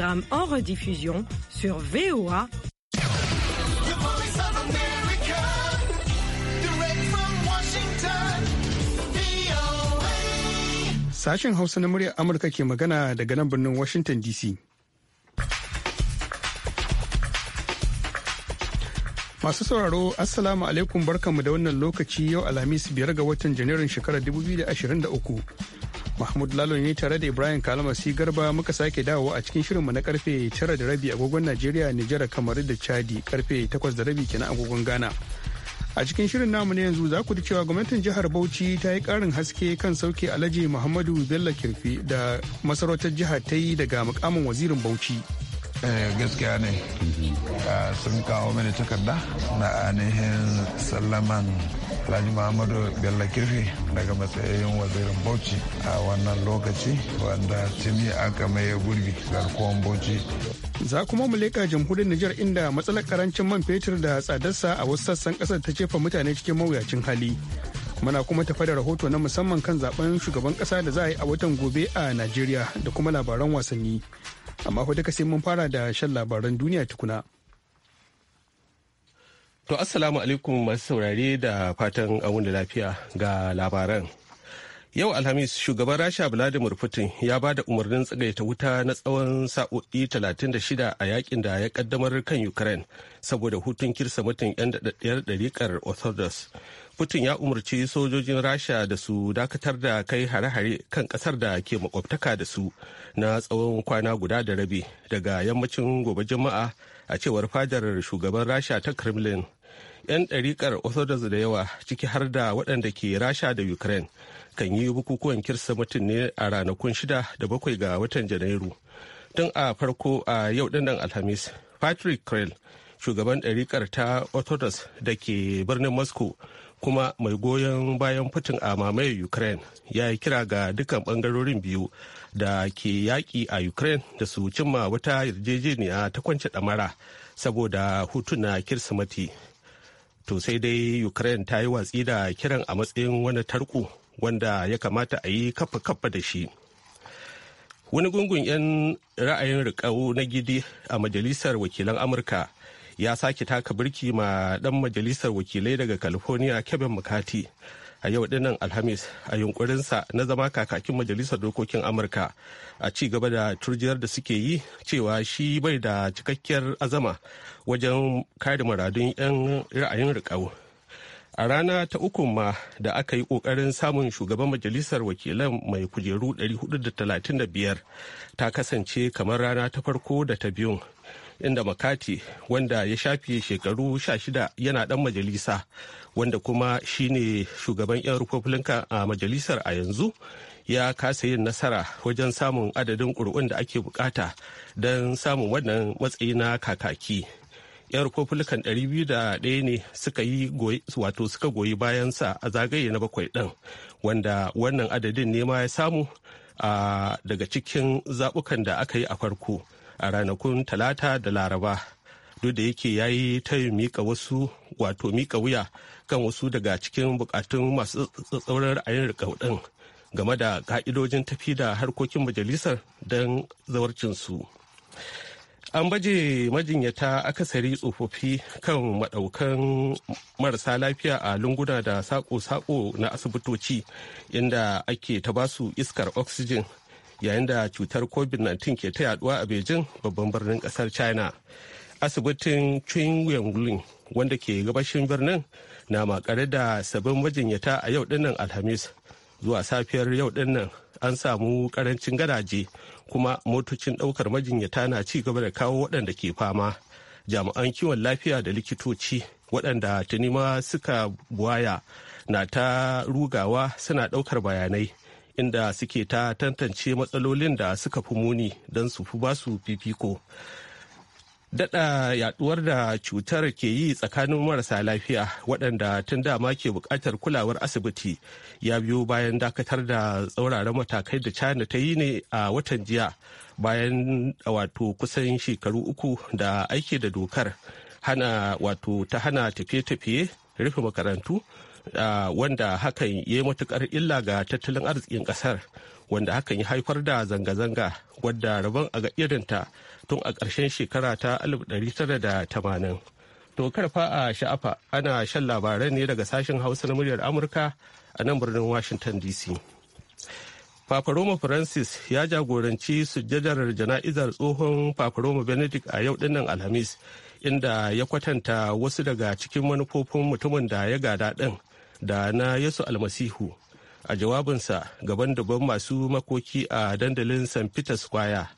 programme en rediffusion sur VOA. Sashen Hausa na muryar Amurka ke magana daga nan birnin Washington DC. Masu sauraro, Assalamu alaikum barkanmu da wannan lokaci yau Alhamis biyar ga watan Janairun shekarar 2023. Mahmud Lalo ne tare da Ibrahim kalama si Garba muka sake dawo a cikin shirin mu na karfe 9 da rabi agogon Najeriya, Nijar, kamar da Chadi karfe 8 da rabi kenan agogon Ghana. A cikin shirin namu ne yanzu za ku ji cewa gwamnatin jihar Bauchi ta yi karin haske kan sauke Alhaji Muhammadu Bello Kirfi da masarautar jihar ta yi daga mukamin wazirin Bauchi. Eh, gaskiya ne ah, sun kawo mini takarda na ainihin sallaman alhaji muhammadu bello kirfi daga matsayin wazirin bauchi a wannan lokaci wanda tuni aka maye gurbi garkuwan bauchi za kuma mu leƙa jamhuriyar Nijar inda matsalar karancin man fetur da tsadarsa a wasu sassan kasar ta jefa mutane cikin mawuyacin hali. Muna kuma tafa da rahoto na musamman kan zaben shugaban kasa da za a yi a watan gobe a Najeriya da kuma labaran wasanni. amma ku duka sai mun fara da shan labaran duniya tukuna. To assalamu alaikum masu saurare da fatan an da lafiya ga labaran. Yau Alhamis shugaban Rasha Vladimir Putin ya ba da umarnin tsagaita wuta na tsawon sa'o'i 36 a yakin da ya kaddamar kan Ukraine saboda hutun kirsa mutum 'yan daɗaɗɗiyar ɗariƙar Orthodox. putin ya umarci sojojin rasha da su dakatar da kai hare-hare kan kasar da ke makwabtaka da su na tsawon kwana guda da rabi daga yammacin gobe juma'a a cewar fadar shugaban rasha ta kremlin 'yan ɗariƙar orthodox da yawa ciki har da waɗanda ke rasha da ukraine kan yi bukukuwan kirsa mutum ne a ranakun shida da bakwai ga watan janairu tun a farko a yau dinnan alhamis patrick krell shugaban ɗarikar ta orthodox da ke birnin moscow kuma mai goyon bayan fitin a mamaye ukraine ya yi kira ga dukkan bangarorin biyu da ke yaƙi a ukraine da su cimma wata yarjejeniya ta kwance ɗamara saboda hutuna kirsimati to sai dai ukraine ta yi watsi da kiran a matsayin wani tarko wanda ya kamata a yi kafa-kafa da shi wani gungun 'yan ra'ayin riƙau na gidi a majalisar wakilan amurka ya sake taka birki ma dan majalisar wakilai daga california kevin mccarthy a yau dinnan alhamis a yunkurinsa na zama kakakin majalisar dokokin amurka a ci gaba da turjiyar da suke yi cewa shi bai da cikakkiyar azama wajen kare muradun 'yan ra'ayin rikau a rana ta uku ma da aka yi kokarin samun shugaban majalisar wakilan mai kujeru 435 ta kasance kamar rana ta farko da ta biyun inda makati wanda ya shafe shekaru shida yana dan majalisa wanda kuma shine shugaban 'yan republican a majalisar a yanzu ya kasa yin nasara wajen samun adadin ƙuri'un da ake bukata don samun wannan matsayi na kakaki 'yan republican 201 ne suka yi wato suka goyi bayansa a zagaye na bakwai ɗin wanda wannan adadin ne ma ya samu daga cikin zaɓukan da aka yi a farko a ranakun talata da laraba duk da yake ya yi ta mika wasu wato mika wuya kan wasu daga cikin bukatun masu tsatsauran ra'ayin rikau din game da ka'idojin tafi da harkokin majalisar don zawarcinsu an baje majinyata akasari tsofaffi kan madaukan marasa lafiya a lunguna da sako-sako na asibitoci inda ake ta basu iskar oxygen yayin da cutar covid-19 ke ta yaduwa a beijing babban birnin kasar china asibitin chunyuanglin wanda ke gabashin birnin na makare da sabbin majinyata a yau dinnan alhamis zuwa safiyar yau dinnan an samu karancin gadaje kuma motocin daukar majinyata na ci gaba da kawo waɗanda ke fama jami'an kiwon lafiya da likitoci waɗanda tuni ma suka buwaya na ta rugawa suna ɗaukar bayanai inda suke ta tantance matsalolin da suka fi muni don su fi ba su fifiko dada yaduwar da cutar ke yi tsakanin marasa lafiya waɗanda tun dama ke buƙatar kulawar asibiti ya biyo bayan dakatar da tsauraran matakai da china ta yi ne a watan jiya bayan wato kusan shekaru uku da aiki da dokar hana wato ta hana tafiye-tafiye rufe makarantu wanda hakan ya yi matukar illa ga tattalin arzikin kasar wanda hakan ya haifar da zanga-zanga wadda rabon a ga irinta tun a ƙarshen shekara ta 1980 to karfa a sha'afa ana shan labarai ne daga sashen hausa na muryar amurka a nan birnin washington dc Papa Francis ya jagoranci sujjadar jana'izar tsohon Papa Roma Benedict a yau dinnan Alhamis, inda ya kwatanta wasu daga cikin manufofin mutumin da ya gada din. da na yasu Almasihu a jawabinsa gaban daban masu makoki a dandalin St. Peter's Square.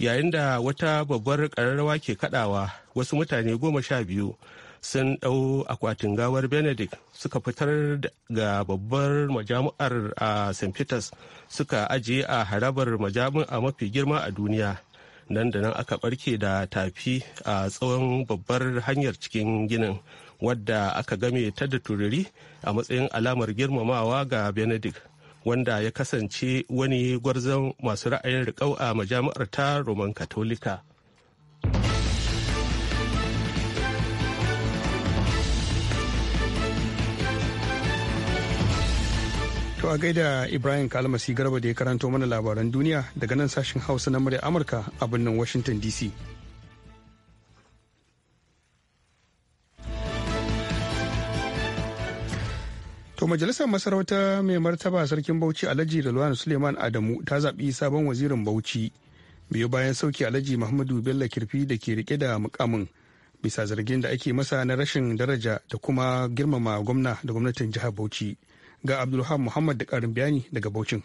Yayin da wata babbar kararrawa ke kadawa wasu mutane goma sha biyu sun ɗau akwatin gawar Benedict suka fitar ga babbar majami'ar a St. Peter's suka ajiye a harabar majami'a mafi girma a duniya. Nan da nan aka barke da tafi a tsawon babbar hanyar cikin ginin. wadda aka game ta da tururi a matsayin alamar girmamawa ga benedict wanda ya kasance wani gwarzon masu ra'ayin riƙau a majami'ar ta roman katolika To a gaida Ibrahim Kalmasi Garba da ya karanto mana labaran duniya daga nan sashen Hausa na murya Amurka a birnin Washington DC. To majalisar masarauta mai martaba sarkin Bauchi Alhaji da Suleiman Adamu ta zaɓi sabon wazirin Bauchi biyu bayan sauki Alhaji Muhammadu Bello Kirfi da ke rike da mukamin bisa zargin da ake masa na rashin daraja da kuma girmama gwamna da gwamnatin jihar Bauchi. Ga Abdulham Muhammad da karin bayani daga Bauchin.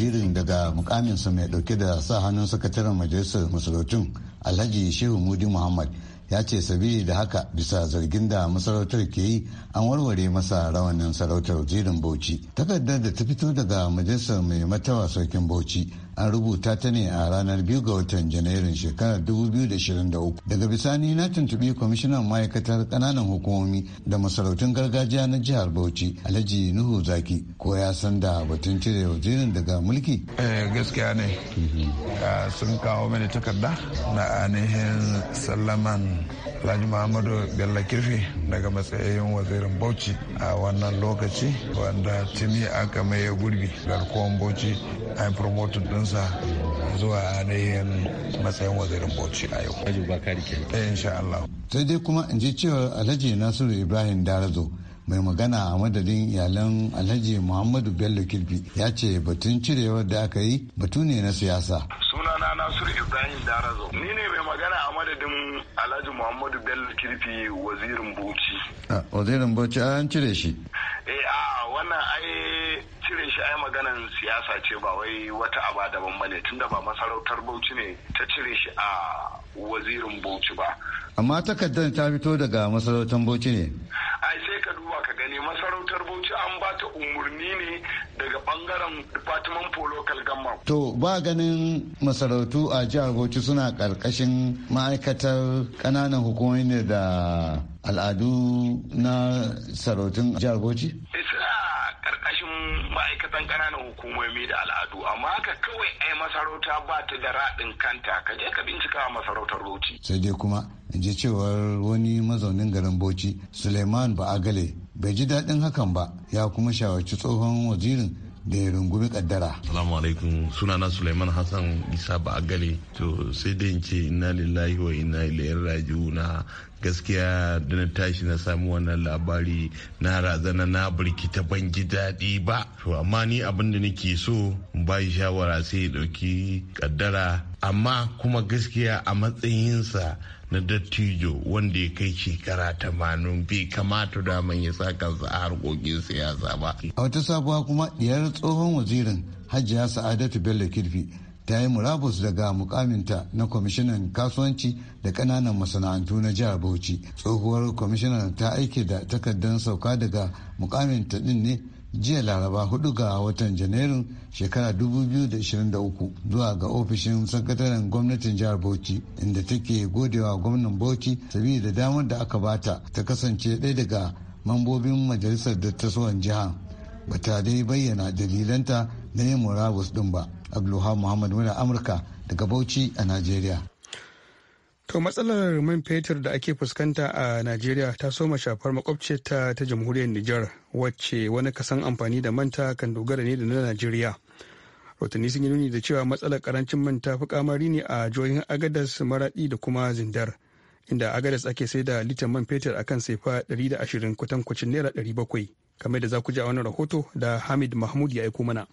jaririn daga mukamin mukaminsa mai dauke da sa hannun sakataren majalisar masarautun alhaji shehu mudi muhammad ya ce sabili da haka bisa zargin da masarautar ke yi an warware masa rawanin sarautar jirin bauchi takardar da ta fito daga majalisar mai matawa sarkin bauchi an rubuta ta ne a ranar biyu ga watan janairun shekarar 2023 daga bisani na tuntubi kwamishinan ma'aikatar kananan hukumomi da masarautun gargajiya na jihar bauchi alhaji nuhu zaki ko ya san da batun cire wazirin daga mulki eh, gaskiya ne mhm. ah, sun kawo mini takarda na ainihin sallaman alhaji muhammadu bello kirfi daga matsayin wazirin bauchi a wannan lokaci wanda tuni aka maye gurbi garkuwan bauchi a promotin din Musa zuwa ainihin matsayin wazirin Bauchi a yau. Alhaji Bakari ke. Eh, insha Allah. Sai dai kuma in ji cewa Alhaji Nasiru Ibrahim Darazo mai magana a madadin iyalan Alhaji Muhammadu Bello Kirfi ya ce batun cirewar da aka yi batu ne na siyasa. Sunana Nasiru Ibrahim Darazo. Ni ne mai magana a madadin Alhaji Muhammadu Bello Kirfi wazirin Bauchi. Ah, wazirin Bauchi an cire shi. Eh a wannan ai cire shi ai maganan siyasa ce ba wai wata aba daban bane tunda ba masarautar Bauchi ne ta cire shi a wazirin Bauchi ba. Amma takardar ta fito daga masarautar Bauchi ne. Ai sai ka duba ka gani masarautar Bauchi an ba ta umurni ne daga bangaren Department for Local Government. To ba ganin masarautu a jihar Bauchi suna karkashin ma'aikatar kananan hukumomi ne da al'adu na sarautun jihar Bauchi? Karkashin ma'aikatan ƙananan hukumomi da al'adu amma haka kawai ai masarauta ba ta da raɗin kanta ka je ka bincika masarautar roci. sai dai kuma in ji cewar wani mazaunin garin bauchi suleiman ba'agale bai ji daɗin hakan ba ya kuma shawarci tsohon wazirin da ya rungumi kaddara. Salamu alaikum sunana Suleiman Hassan Isa Ba'agale to sai dai ce inna lillahi wa inna ilaihi raji'una gaskiya da na tashi na samu wannan labari na razana na birkita ban ji daɗi ba to amma ni abin da nake so in ba shawara sai ya ɗauki kaddara amma kuma gaskiya a matsayinsa na dattijo wanda ya kai shekara tamanin bai kamata da man ya sa kansa a harkokin siyasa ba. A wata sabuwa kuma diyar tsohon wazirin Hajiya Sa'adatu Bello Kirfi ta yi murabus daga mukaminta na kwamishinan kasuwanci da kananan masana'antu na jihar bauchi tsohuwar kwamishinan ta aike da takardar sauka daga mukaminta din ne jiya laraba 4 ga watan janairun shekara 2023 zuwa ga ofishin sakataren gwamnatin jihar bauchi inda take godewa gwamnan bauchi sabida damar da aka bata ta kasance ɗaya daga mambobin majalisar jihar jiha bata dai bayyana dalilanta na yin murabus din ba abdulhamu muhammad muna amurka daga bauchi a najeriya To matsalar man fetur da ake fuskanta a Najeriya ta soma shafar makwabciyarta ta jamhuriyar Nijar wacce wani kasan amfani da manta kan dogara ne da na Najeriya. Rotanni sun yi nuni da cewa matsalar karancin man ta fi kamari ne a jihohin Agadas Maradi da kuma Zindar. Inda Agadas ake sai da litan man fetur akan sefa 120 kwatankwacin naira bakwai kamar da za ku ji a wani rahoto da Hamid Mahmud ya aiko mana.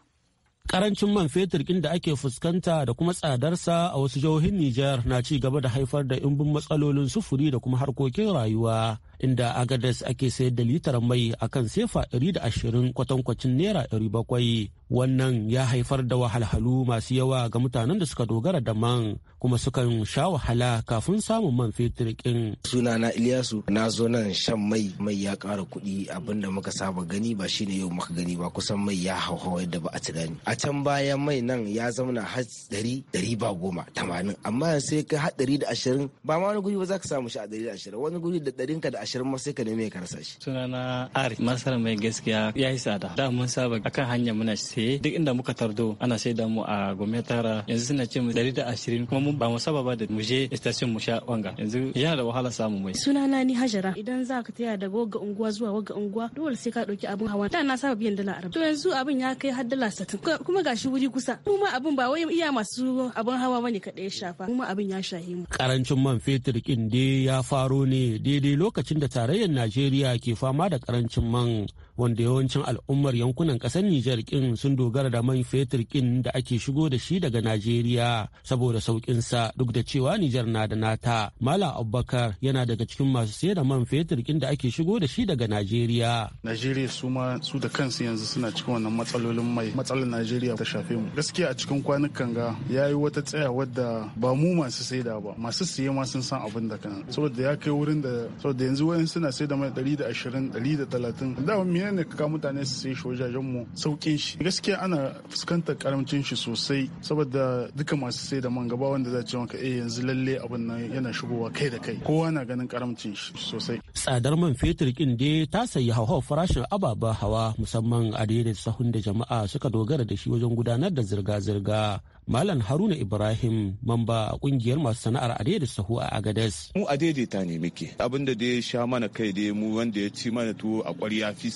Karancin man fetur ɗin da ake fuskanta da kuma tsadarsa a wasu jihohin Nijar na ci gaba da haifar da imbin matsalolin sufuri da kuma harkokin rayuwa inda agadas ake sayar da litar mai a kan sefa 120 kwatankwacin naira 700 wannan ya haifar da wahalhalu masu yawa ga mutanen da suka dogara da man kuma sukan sha wahala kafin samun man fetur kin sunana iliyasu na zo nan shan mai mai ya kara kuɗi abinda muka saba gani ba shine yau muka gani ba kusan mai ya hauhawa yadda ba a tunani a can baya mai nan ya zauna har ɗari ɗari ba goma tamanin amma sai kai har ɗari da ashirin ba ma wani guri ba za ka samu shi a ɗari da ashirin wani guri da ka da ashirin ma sai ka nemi ka rasa shi. Sunana Ari masar mai gaskiya ya yi tsada. Da mun saba akan hanya muna saye duk inda muka tardo ana sai da mu a gome tara yanzu suna ce mu dari da ashirin kuma mun ba mu saba ba da mu je station mu sha wanga yanzu yana da wahala samu mai. Sunana ni Hajara idan za ka taya daga wagga unguwa zuwa wagga unguwa dole sai ka ɗauki abin hawa. Da na saba biyan dala arab. To yanzu abin ya kai har dala satin kuma gashi wuri kusa. Kuma abin ba wai iya masu abin hawa bane kaɗai ya shafa kuma abin ya shahi mu. Karancin man fetur kin ya faro ne daidai lokacin lokacin da tarayyar najeriya ke fama da karancin man wanda yawancin al'ummar yankunan ƙasar Nijar kin sun dogara da man fetur kin da ake shigo da shi daga Najeriya saboda sauƙin sa duk da cewa Nijar na da nata. Malam Abubakar yana daga cikin masu sayar da man fetur kin da ake shigo da shi daga Najeriya. Najeriya su ma su da kansu yanzu suna cikin wannan matsalolin mai matsalar Najeriya ta shafe mu. Gaskiya a cikin kwanukan ga yayi wata tsaya wadda ba mu masu saida ba masu siye ma sun san abin da kan saboda ya kai wurin da saboda yanzu wayan suna da mai 120 130 da yana ne kaka mutane su sai shi wajajen mu saukin shi gaskiya ana fuskantar karamcin shi sosai saboda duka masu sai da man gaba wanda za ce maka eh yanzu lalle abun nan yana shigowa kai da kai kowa na ganin karamcin shi sosai tsadar man fetur kin dai ta sayi hauhawar farashin ababen hawa musamman a da sahun da jama'a suka dogara da shi wajen gudanar da zirga-zirga Malam Haruna Ibrahim mamba a kungiyar masu sana'ar adaidaita sahu a Agadez. Mu adaidaita ne muke. Abin da dai sha mana kai dai mu wanda ya ci mana tuwo a ƙwarya fi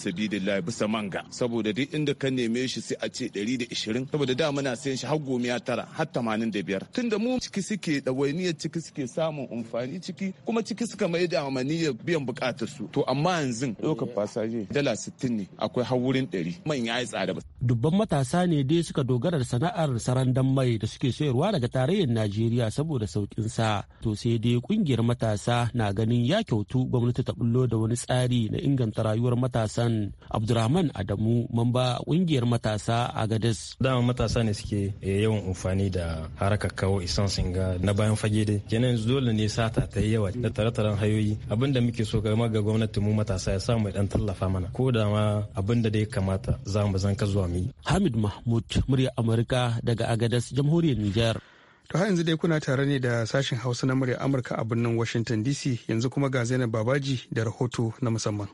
lai bisa manga. Saboda dai inda ka neme shi sai a ce da 120 saboda da muna sayan shi har gomiya tara har tamanin da biyar. Tunda mu ciki suke ɗawainiyar ciki suke samun amfani ciki kuma ciki suka mai da amaniyar biyan buƙatar su. To amma yanzu ɗaukar fasaje dala sittin ne akwai har wurin 100 manya ya tsada. Dubban matasa ne dai suka dogara da sana'ar sarandan mai da suke sayarwa daga tarayyar Najeriya saboda saukin sa. To sai dai kungiyar matasa na ganin ya kyautu gwamnati ta bullo da wani tsari na inganta rayuwar matasan. Abdurrahman Adamu mamba kungiyar matasa a Gadas. Dama matasa ne suke eh, yawan amfani da harakar kawo isan singa na bayan fage dai. Kenan dole ne sata ta yi yawa da tare-taren hayoyi. Abin da muke so ga ga gwamnati mu matasa ya samu ya dan tallafa mana. Ko da ma abin da dai kamata za mu zanka zuwa mu Hamid Mahmud murya Amurka daga Agadas jamhuriyar Nijar. To ha yanzu dai kuna tare ne da sashen Hausa na murya Amurka a birnin Washington DC yanzu kuma ga Zainab Babaji da rahoto na musamman.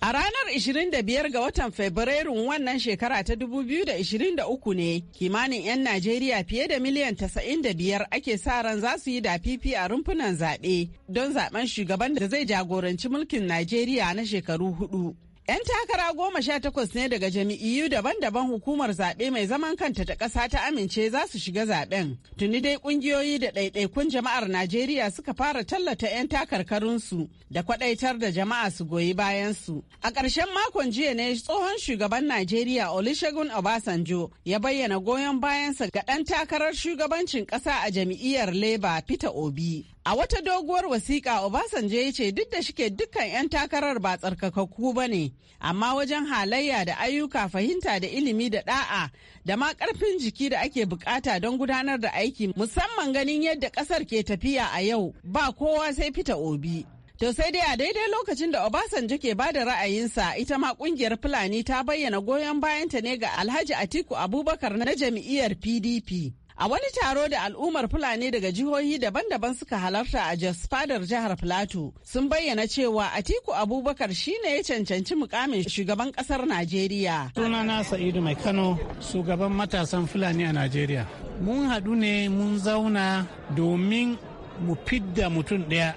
A ranar 25 ga watan Fabrairun wannan shekara ta 2023 ne kimanin 'yan Najeriya fiye da miliyan 95 ake sa ran za su yi da fifi a rumfunan zaɓe don zaɓen shugaban da zai jagoranci mulkin Najeriya na shekaru hudu. 'Yan takara goma sha takwas ne daga jami'iyu daban-daban hukumar zaɓe mai zaman kanta ta ƙasa ta amince za su shiga zaɓen. Tuni dai ƙungiyoyi da ɗaiɗaikun jama'ar Najeriya suka fara tallata 'yan takarkarunsu da kwaɗaitar da jama'a su goyi bayansu. A ƙarshen makon jiya ne tsohon shugaban Najeriya Olusegun Obasanjo ya bayyana goyon bayansa ga ɗan takarar shugabancin ƙasa a jami'iyar leba Peter Obi. A wata doguwar wasiƙa Obasanjo ya ce duk da shike dukkan 'yan takarar ba tsarkakakku ba ne, amma wajen halayya da ayyuka fahimta da ilimi da ɗa'a da ma ƙarfin jiki da ake bukata don gudanar da aiki musamman ganin yadda ƙasar ke tafiya a yau ba kowa sai fita obi. To sai dai a daidai lokacin da Obasanjo ke bada ra'ayinsa ita ma kungiyar Fulani ta bayyana goyon bayanta ne ga Alhaji Atiku Abubakar na jam'iyyar PDP. A wani taro da al'ummar Fulani daga jihohi daban-daban suka halarta a Jos Fadar jihar Filato sun bayyana cewa Atiku Abubakar shine ya cancanci mukamin shugaban kasar Najeriya. Sunana Sa'idu Mai Kano, shugaban matasan Fulani a Najeriya. Mun haɗu ne mun zauna domin mu fidda mutum ɗaya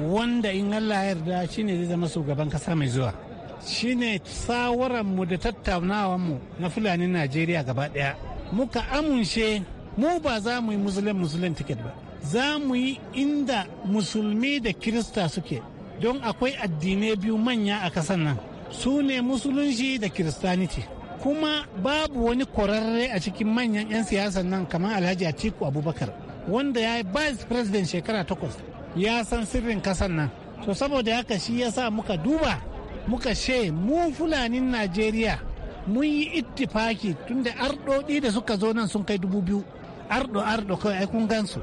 wanda in Allah yarda shine zai zama shugaban kasa mai zuwa. Shine mu da mu na Fulani Najeriya gaba ɗaya. Muka amince mu ba za mu yi musulun musulun ticket ba za mu yi inda musulmi da kirista suke don akwai addinai biyu manya a kasan nan su ne musulunci da kiristaniti kuma babu wani kwararre a cikin manyan 'yan siyasan nan kamar alhaji atiku abubakar wanda ya yi vice president shekara takwas ya san sirrin kasan nan to saboda haka shi ya sa muka duba muka she mu fulanin najeriya mun yi ittifaki tunda arɗoɗi da suka zo nan sun kai dubu biyu ardo ardo kawai ai kun gansu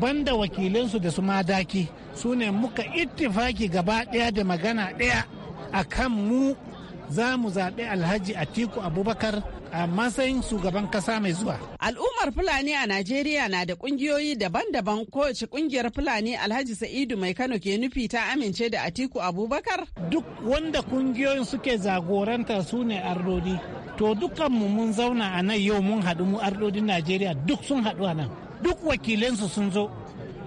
banda wakilansu da su madaki su ne muka ittifaki gaba ɗaya da magana ɗaya a kan mu za mu zaɓi alhaji atiku abubakar a matsayin shugaban kasa mai zuwa. Al'ummar Fulani a Najeriya na da ƙungiyoyi daban-daban kowace ƙungiyar Fulani Alhaji Sa'idu mai Kano ke nufi ta amince da Atiku Abubakar? Duk wanda ƙungiyoyin suke jagoranta su ne ardodi. to dukkan mu mun zauna a nan yau mun haɗu mu ardodin najeriya duk sun haɗu a nan duk wakilansu sun zo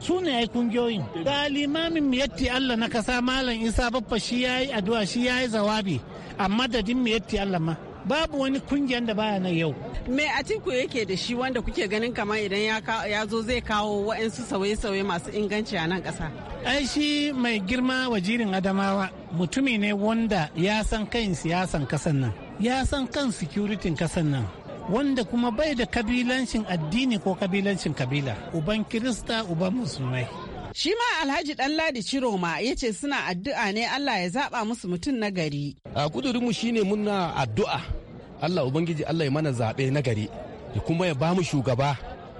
su ne ai kungiyoyin ga limamin miyatti allah na kasa malam isa Baffa shi ya yi addu'a shi ya yi zawabi a madadin miyatti allah ma babu wani kungiyar da baya nan yau me ku yake da shi wanda kuke ganin kamar idan ya zo zai kawo wa'ansu sauye-sauye masu inganci a nan ƙasa ai shi mai girma wajirin adamawa mutumi ne wanda ya san kan siyasan kasan nan ya san kan sikuritin kasan nan wanda kuma bai da kabilancin addini ko kabilancin kabila uban kirista uban musulmai Shi ma Alhaji Ɗanladi Ciroma ya ce suna addu'a ne Allah ya zaɓa musu mutum nagari. gari. A kudurinmu shi ne muna addu'a. Allah Ubangiji Allah ya mana zaɓe nagari gari, ya kuma ya bamu shugaba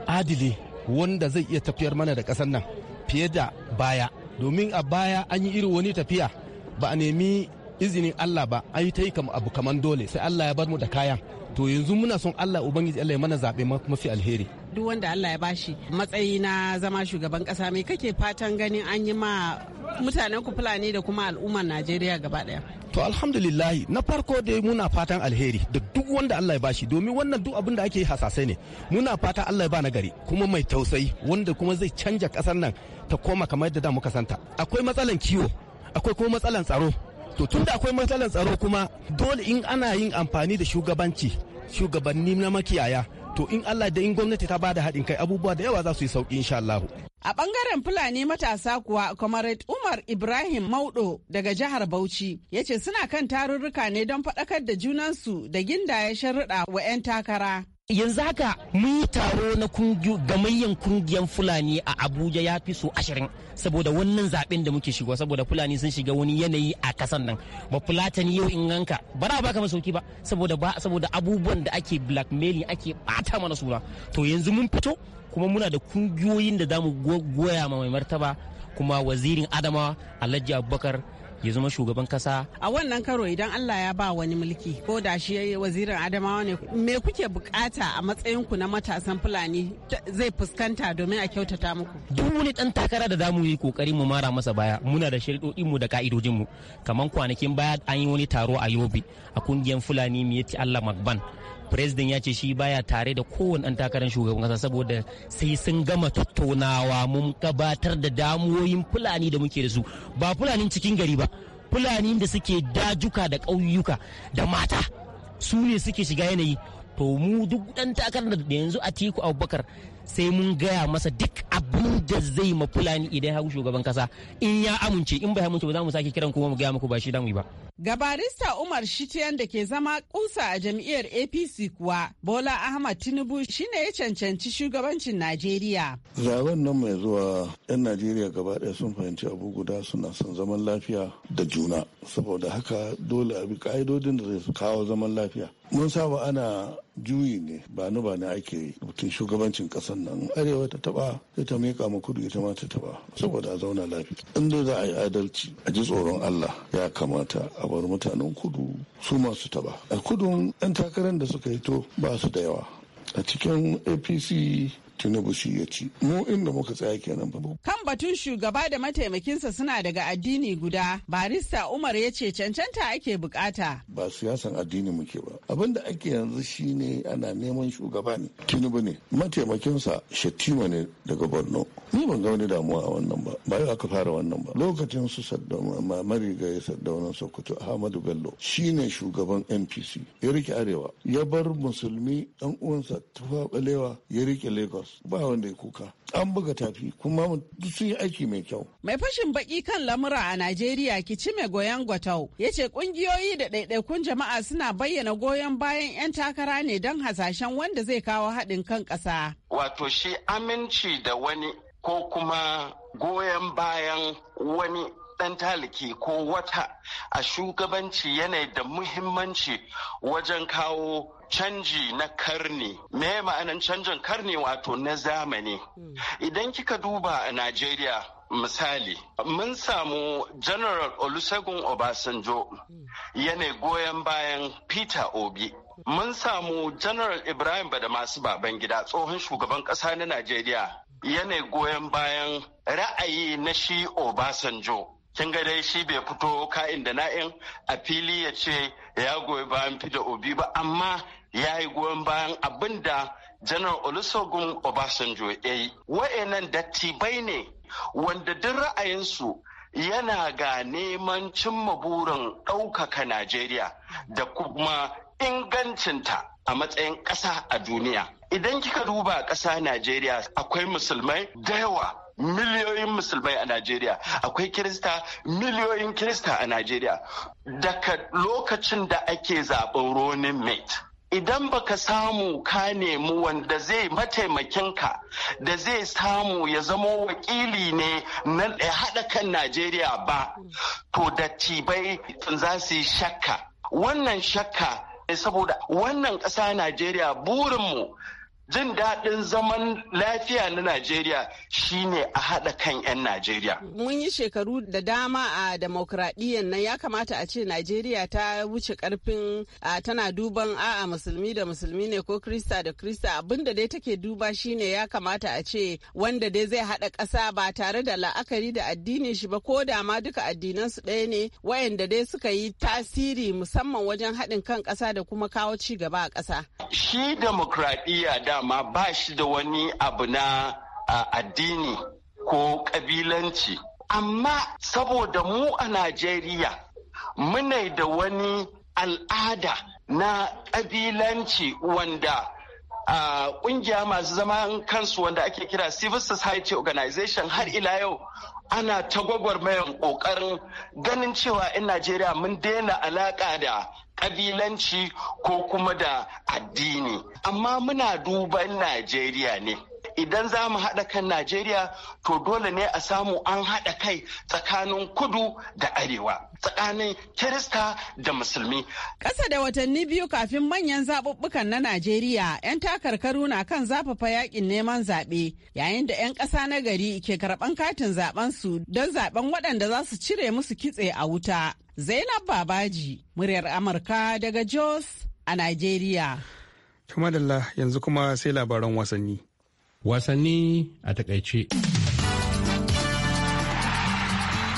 adili wanda zai iya tafiyar mana da ƙasar nan fiye da baya. Domin a baya an yi irin wani tafiya ba a nemi izinin Allah ba an yi ta yi abu kaman dole sai Allah ya bar mu da kayan to yanzu muna son Allah ubangiji Allah ya mana zaɓe mafi alheri duk wanda Allah ya bashi matsayi na zama shugaban kasa mai kake fatan ganin an yi ma mutanen ku fulani da kuma al'ummar Najeriya gaba daya to alhamdulillah na farko dai muna fatan alheri da duk wanda Allah ya bashi domin wannan duk abin da ake hasasai ne muna fatan Allah ya ba nagari gari kuma mai tausayi wanda kuma zai canja kasar nan ta koma kamar yadda da muka santa akwai matsalan kiwo akwai kuma matsalan tsaro to tunda akwai matsalar tsaro kuma dole in ana yin amfani da shugabanci shugabanni na makiyaya to in Allah da in gwamnati ta bada haɗin kai abubuwa da yawa za su yi sauƙi insha Allah. A ɓangaren Fulani matasa kuwa, Comrade Umar Ibrahim Maudo daga jihar Bauchi ya ce suna kan tarurruka ne don faɗakar da junansu da gindaye sharuɗa wa 'yan takara. yanzu haka mun yi taro na gamayyan kungiyar fulani a abuja ya fi so ashirin saboda wannan zaben da muke shigo saboda fulani sun shiga wani yanayi a kasan nan ba fulatani yau in ganka ba na baka masauki ba saboda abubuwan da ake blackmailing ake bata mana suna to yanzu mun fito kuma muna da kungiyoyin da zamu goya ma mai martaba kuma wazirin adamawa alhaji abubakar ya zama shugaban kasa a wannan karo idan Allah ya ba wani mulki ko da shi wazirin Adamawa ne me kuke bukata a matsayinku na matasan Fulani zai fuskanta domin a kyautata muku duk wani dan takara da zamu yi kokari mu mara masa baya muna da sharidodin mu da ka'idojin mu kaman kwanakin baya an yi wani taro a Yobe a kungiyar Fulani Miyati Allah Magban president ya ce shi baya tare da kowane ɗan takarar shugaban kasa saboda sai sun gama tattaunawa mun gabatar da damuwoyin fulani da muke da su ba fulanin cikin gari ba fulani da suke dajuka da ƙauyuka da mata su ne suke shiga yanayi to mu duk ɗan takarar da yanzu a tiku abubakar sai mun gaya masa duk abin da zai ma fulani idan ya hau shugaban kasa in ya amince in bai amince ba za mu sake kiran kuma mu gaya muku ba shi damu ba Gabarista Umar Shitiyan da ke zama kusa a jam'iyyar APC kuwa Bola Ahmad Tinubu shine ya cancanci shugabancin Najeriya. Zaben nan mai zuwa 'yan Najeriya gaba ɗaya sun fahimci abu guda suna son zaman lafiya da juna saboda haka dole a bi ka'idodin da zai kawo zaman lafiya. Mun saba ana juyi ne ba ni ba ni ake mutum shugabancin ƙasar nan arewa ta taba sai ta miƙa ma kudu ita ma ta taba saboda a zauna lafiya. In za a yi adalci a ji tsoron Allah ya kamata a bar mutanen kudu su masu taba a kudun 'yan takarar da suka hito ba su da yawa a cikin apc tinubu shi ya ci mu inda muka tsaya kenan ba. batun shugaba da mataimakinsa suna daga addini guda barista umar ya ce cancanta ake bukata ba siyasan addini muke ba abin da ake yanzu shine ana neman shugaba ne tinubu ne mataimakinsa shatima ne daga borno ni ban ga wani damuwa a wannan ba ba yau aka fara wannan ba lokacin su saddauna ma ya saddauna sokoto ahmadu bello shine shugaban npc ya rike arewa ya bar musulmi dan uwansa tufa balewa ya rike lagos ba wanda ya kuka an buga tafi kuma sun aiki mai kyau. Mai fashin baki kan lamura a Najeriya mai Goyon Gwatau ya ce kungiyoyi da ɗaiɗaikun jama'a suna bayyana goyon bayan 'yan takara ne don hasashen wanda zai kawo haɗin kan ƙasa. Wato shi aminci da wani ko kuma goyon bayan wani ɗan taliki ko wata a shugabanci yana da muhimmanci wajen kawo canji na karni me ma'anan canjin karni wato na zamani hmm. idan kika duba a najeriya misali mun samu general olusegun obasanjo hmm. yana goyon bayan peter obi hmm. mun samu general ibrahim bada masu baban gida tsohon shugaban kasa na najeriya yana goyon bayan ra'ayi na shi obasanjo kin ga dai shi bai fito ka'in da na'in a fili ya ce ya goyi bayan fida obi ba amma ya yi goyon bayan abin da janar olusegun obasanjo ya yi wa'annan dattibai ne wanda duk ra'ayinsu yana ga neman cimma burin ɗaukaka najeriya da kuma ingancinta a matsayin ƙasa a duniya idan kika duba ƙasa najeriya akwai musulmai da yawa miliyoyin musulmai a Najeriya akwai kirista miliyoyin kirista a Najeriya daga lokacin da ake zaɓen ronin mate idan baka samu ka nemi wanda zai mataimakinka da zai samu ya zamo wakili ne na haɗa kan Najeriya ba to dattibai za su yi shakka wannan shakka saboda wannan ƙasa Najeriya burinmu jin daɗin zaman lafiya na Najeriya shine a haɗa kan 'yan Najeriya. Mun yi shekaru da dama a demokradiyyar nan ya kamata a ce Najeriya ta wuce ƙarfin tana duban a'a musulmi da musulmi ne ko krista da krista abinda dai take duba shine ya kamata a ce wanda dai zai haɗa ƙasa ba tare da la'akari da addinin shi ba ko da ma duka addinan su ɗaya ne wayanda dai suka yi tasiri musamman wajen haɗin kan ƙasa da kuma kawo ci gaba a ƙasa. Shi demokradiyya dama ba shi da wani abu na addini ko kabilanci amma saboda mu a najeriya muna da wani al'ada na kabilanci wanda a uh, masu zaman kansu wanda ake kira civil society organization har ila yau ana ta gwagwarmayan ƙoƙarin ganin cewa in najeriya mun daina alaƙa da kabilanci ko kuma da addini amma muna duban najeriya ne idan za mu haɗa kan Najeriya to dole ne a samu an haɗa kai tsakanin kudu da arewa tsakanin Kirista da Musulmi. Ƙasa da watanni biyu kafin manyan zaɓuɓɓukan na Najeriya 'yan takarkaru na kan zafafa yakin neman zaɓe yayin da 'yan ƙasa na gari ke karɓan katin zaɓen su don zaɓen waɗanda za su cire musu kitse a wuta. Zainab Babaji, muryar Amurka daga Jos a Najeriya. Tumadalla yanzu kuma sai labaran wasanni. wasanni a takaice.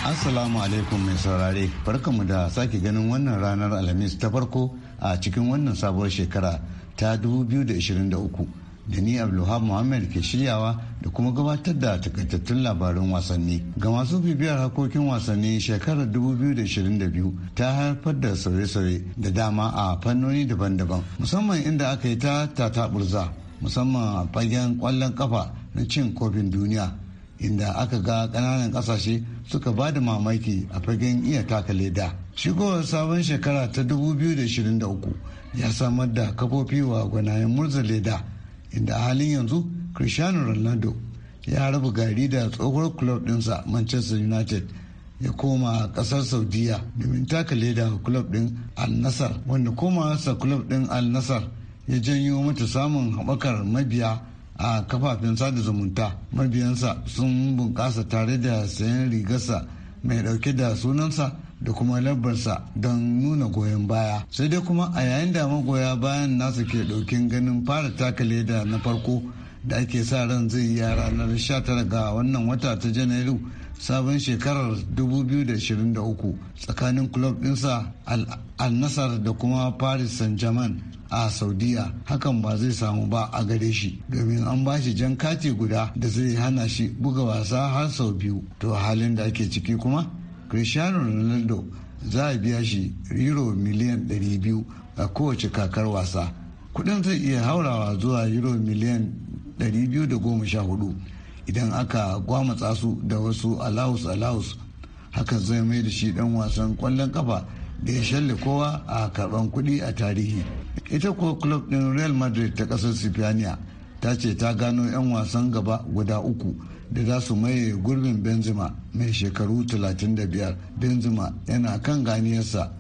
Assalamu alaikum mai saurare, mu da sake ganin wannan ranar Alhamis ta farko a cikin wannan sabuwar shekara ta 2023 da ni Abdulhab Muhammad ke shiryawa da kuma gabatar da takaitattun labarin wasanni. Ga masu bibiyar harkokin wasanni shekarar 2022 ta haifar da sauye-sauye da dama a fannoni daban-daban musamman inda aka yi ta burza. musamman a fagen kwallon kafa na cin kofin duniya inda aka ga kananan kasashe suka ba da mamaki a fagen iya taka leda shigowar sabon shekara ta 2023 ya samar da kafofi wa gwanayen murza leda inda a halin yanzu cristiano ronaldo ya raba gari da tsohuwar club dinsa manchester united ya koma kasar saudiya domin taka leda club din al-nassar wanda sa club din al-nassar ya janyo mata samun haɓakar mabiya a kafafen sada zumunta mabiyansa sun bunƙasa tare da sayan rigarsa mai ɗauke da sunansa da kuma labarsa don nuna goyon baya sai dai kuma a yayin da magoya bayan nasa ke ɗaukin ganin fara taka leda na farko da ake sa ran zai yi a ranar 19 ga wannan wata ta janairu sabon shekarar 2023 tsakanin club dinsa al nasar da kuma paris saint-germain a saudiya hakan ba zai samu ba a gare shi domin an ba shi jan kati guda da zai hana shi buga wasa har sau biyu to halin da ake ciki kuma cristiano ronaldo za a biya shi euro miliyan 200 a kowace kakar wasa kudin zai iya haurawa zuwa euro miliyan 214 idan aka gwamatsa su da wasu alaus alaus hakan zai mai da shi dan wasan kwallon kafa da ya shalle kowa a karban kuɗi a tarihi ita kuwa club din real madrid ta ƙasar sifaniya ta ce ta gano 'yan wasan gaba guda uku da za su maye gurbin benzema mai shekaru 35 benzema yana kan ganiyarsa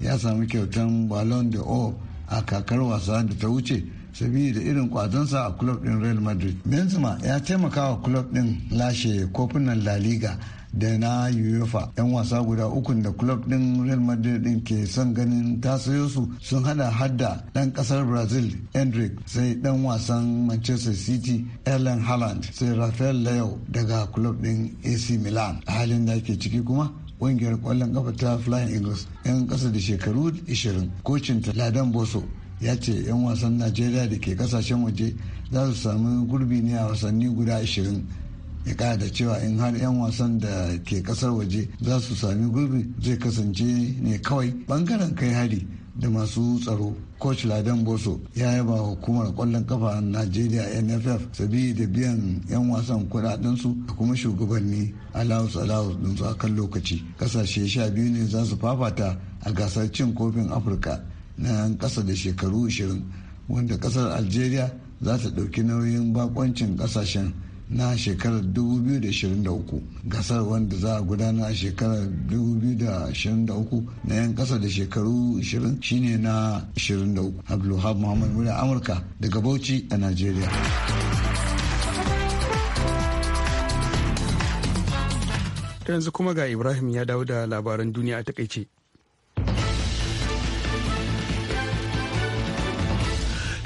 ya sami kyautar ballon d'or a kakar wasa da ta wuce sabida irin kwazonsa a club din real madrid benzema ya taimaka wa club din lashe kofunan la liga da na uefa yan wasa guda ukun da kulob din real madrid din ke son ganin ta sayo su sun hada hadda dan kasar brazil hendrik sai dan wasan manchester city erlen haaland sai rafael leo daga kulob din ac milan a halin da yake ciki kuma ƙungiyar kwallon kafa ta flying eagles 'yan ƙasa da shekaru 20 kocinta ladan boso ya ce 'yan wasan najeriya da ke kasashen waje za su sami gurbi ne a wasanni guda 20 ya kara da cewa in har 'yan wasan da ke kasar waje za su sami gurbi zai kasance ne kawai bangaren kai hari da masu tsaro coach ladan boso ya yaba hukumar kwallon kafa najeriya nff sabi da biyan 'yan wasan kudadensu da kuma shugabanni alawus alawus dinsu a kan lokaci kasashe sha biyu ne za su fafata a gasar cin kofin afirka na kasa da shekaru 20 wanda kasar algeria za ta ɗauki nauyin bakoncin kasashen na shekarar 2023 gasar wanda za a gudana a shekarar 2023 na 'yan kasa da shekaru 20 shine na 23 abdulhab muhammad wuri amurka daga bauchi a nigeria yanzu kuma ga ibrahim ya dawo da labaran duniya a takaice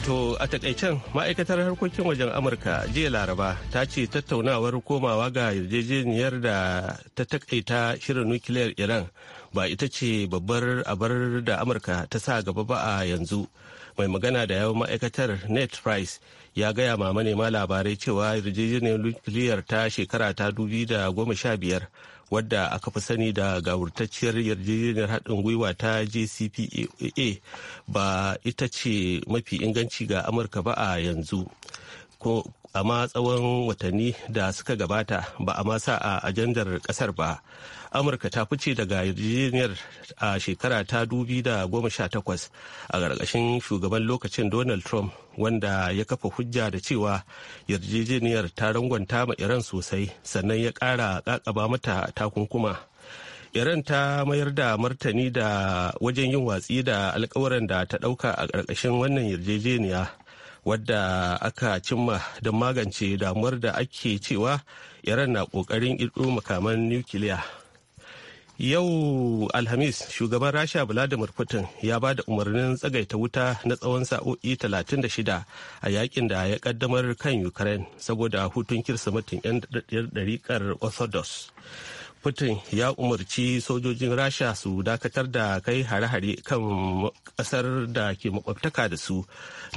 To a takaicen ma'aikatar harkokin wajen Amurka jiya Laraba ta ce tattaunawar komawa ga yarjejeniyar da ta takaita shirin nukiliyar Iran ba ita ce babbar abar da Amurka ta sa gaba ba a yanzu. Mai magana da yawan ma'aikatar Net Price ya gaya ma manema labarai cewa yarjejeniyar nukiliyar ta shekara ta dubi da goma sha biyar wadda aka fi sani da gawurtacciyar yarjejeniyar haɗin gwiwa ta jcpoa ba ita ce mafi inganci ga amurka ba a yanzu amma tsawon watanni da suka gabata ba a masa a ajandar kasar ba amurka ta fice daga yarjejeniyar a shekara ta dubi da goma sha takwas a ƙarƙashin shugaban lokacin donald trump wanda ya kafa hujja da cewa yarjejeniyar ta rangwanta ma iran sosai sannan ya kara kakaba mata takunkuma iran ta mayar da martani da wajen yin watsi da alkawaran da ta ɗauka a ƙarƙashin wannan yarjejeniya wadda aka cimma don magance damuwar da ake cewa iran na kokarin ido makaman nukiliya yau alhamis shugaban rasha vladimir putin ya ba da umarnin tsagaita wuta na tsawon sa'o'i 36 a yakin da ya kaddamar kan ukraine saboda hutun kirsimetin 'yan ɗariƙar orthodox putin ya umarci sojojin rasha su dakatar da kai hare-hare kan kasar da ke makwabtaka da su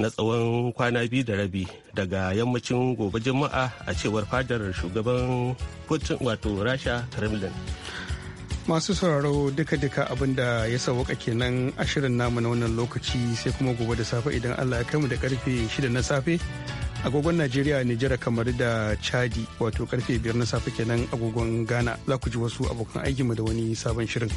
na tsawon kwana biyu da rabi daga yammacin gobe juma'a a cewar fadar shugaban putin wato rasha kremlin masu sauraro duka-duka abinda ya sauka kenan ashirin namu na wannan lokaci sai kuma gobe da safe idan allah ya kai mu da karfe shida na safe agogon najeriya nijar kamar da chadi wato karfe biyar na safe kenan agogon ghana za ku ji wasu abokan mu da wani sabon shirin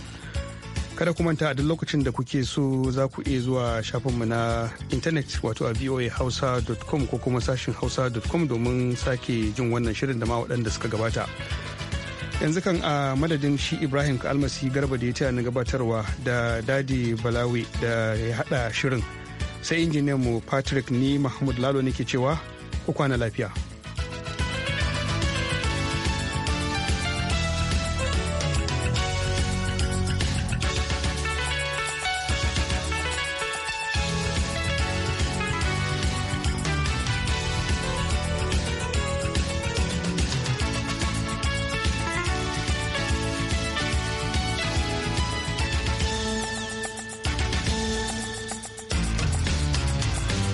kada ku manta a duk lokacin da kuke so za ku iya zuwa shafinmu na intanet wato a voahausa.com ko kuma sashin hausa.com domin sake jin wannan shirin da ma waɗanda suka gabata yanzu kan a madadin shi ibrahim almasi garba da ya taya na gabatarwa da dadi balawi da ya hada shirin sai injiniyan mu patrick ni mahmud lalo nake cewa ku kwana lafiya